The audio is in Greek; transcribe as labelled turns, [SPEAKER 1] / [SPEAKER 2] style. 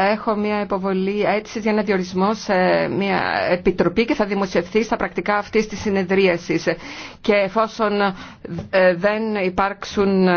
[SPEAKER 1] έχω μια υποβολή αίτηση για ένα διορισμό σε μια επιτροπή και θα δημοσιευθεί στα πρακτικά αυτή τη συνεδρίαση. Και εφόσον ε, δεν
[SPEAKER 2] υπάρξουν